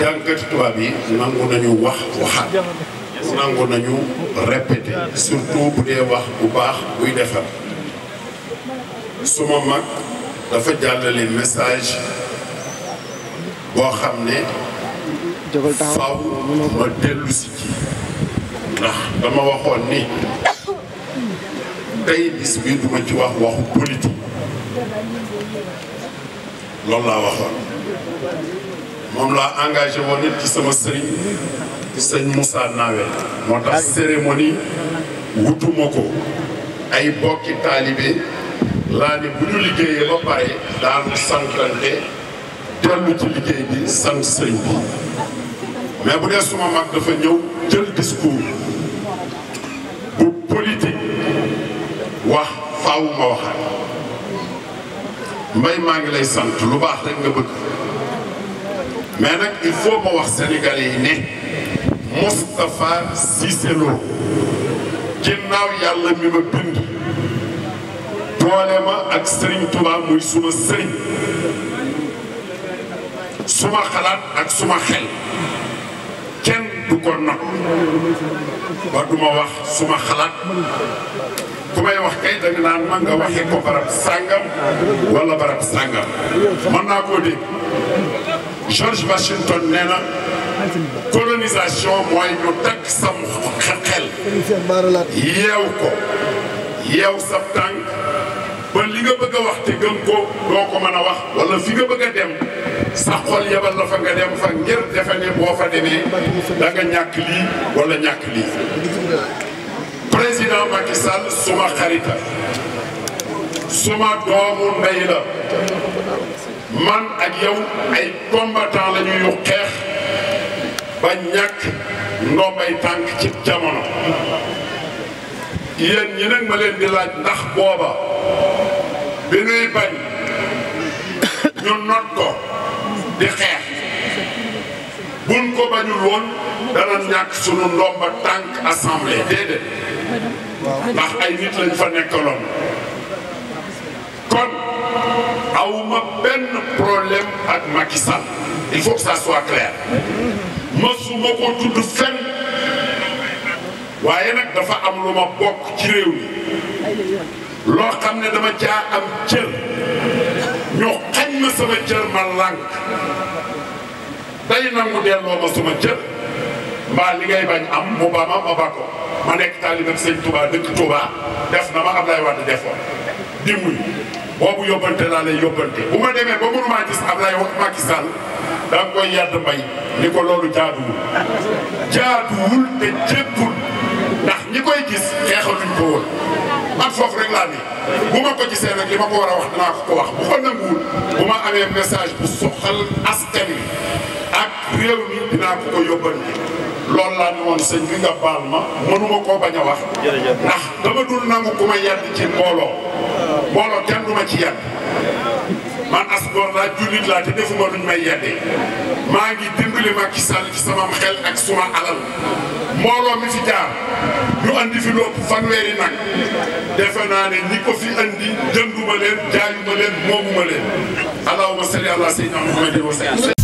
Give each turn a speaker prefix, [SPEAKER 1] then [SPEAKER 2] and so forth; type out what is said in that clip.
[SPEAKER 1] jàngkati tubaab yi nangu nañu wax waxaat nangu nañu répété surtout bu dee wax bu baax buy defar suma mag dafa jàllale message boo xam ne faw ma dellu ci ndax dama waxoon ni tey bis bi duma ci wax waxu politique loolu laa waxoon moom laa engagé woon nit ci sama sëriñ sëñ Moussa Nawe moo tax cérémonie wutuma ko ay bokki taalibe laa ne bu ñu liggéeyee ba pare daanu dellu ci liggéey bi sant sëriñ mais bu dee suma mag dafa ñëw jël discours bu politique wax faaw ma mbay maa ngi lay sant lu baax rek nga bëgg mais nag il faut ma wax sénégalais ne Moustapha Cissé ginnaaw yàlla mi ma bind boole ma ak Serigne Touba muy suma sëriñ suma xalaat ak suma xel kenn du ko not ba du wax suma xalaat ku may wax kay da naan man nga waxee ko barab sàngam wala barab sàngam mën naa koo dégg George Washington nee na colonisation mooy ñu takk sam xel yeew ko yeew sa tànk ba li nga bëgg a wax te gëm ko doo ko mën a wax wala fi nga bëgg a dem sa xol yebal la fa nga dem fa ngir defe ne boo fa demee da ñàkk lii wala ñàkk lii président Macky suma xarita suma doomu ndey la man ak yow ay combattant la ñuy xeex ba ñàkk ndombay tànk ci jamono yéen ñi nag ma leen di laaj ndax booba bi nuy bañ ñu not ko di xeex buñ ko bañul woon dana ñàkk sunu ndomba tànk assemblée déedéet ndax ay nit lañ fa nekkaloon kon aw ma benn problème ak Macky Sall il faut que ça soit clair masuma tudd fenn waaye nag dafa am lu ma bokk ci réew mi loo xam ne dama caa am cër ñu xañ ma sama cër ma lànk day nangu delloo ma sama cër mbaa li ngay bañ am mu ba ma nekk taalibe Sëñ Touba dëkk Touba def na ma Ablaye Wade defoon dimbuñ boobu yóbbante laa lay yóbbante bu ma demee ba mënumaa gis Ablaye wax Macky Sall daa koy yàdd mbay ni ko loolu jaaduwul jaaduwul te jéggul ndax ñi koy gis xeexaluñ ko woon man foofu rek laa ne bu ma ko gisee nag li ma ko war a wax dinaa ko ko wax bu ko nanguwul bu ma amee message bu soxal askan wi ak réew mi dinaa ko ko yóbbante loolu laa ne woon sëñ nga baal ma mënuma koo bañ a wax ndax dama dul nangu ku ma yàdd ci mbooloo mbooloo kenn du ma ci yedd man as góor laa laa te defuma luñ may yeddee maa ngi dimbali Macky Sall ci sama xel ak suma alal mbooloo mi fi jaar ñu andi fi lopp fanweeri nag defe naa ne ñi ko fi andi jënduma leen jaayuma leen moomuma leen allahumma salli ala sayyidina muhammadin wa sallam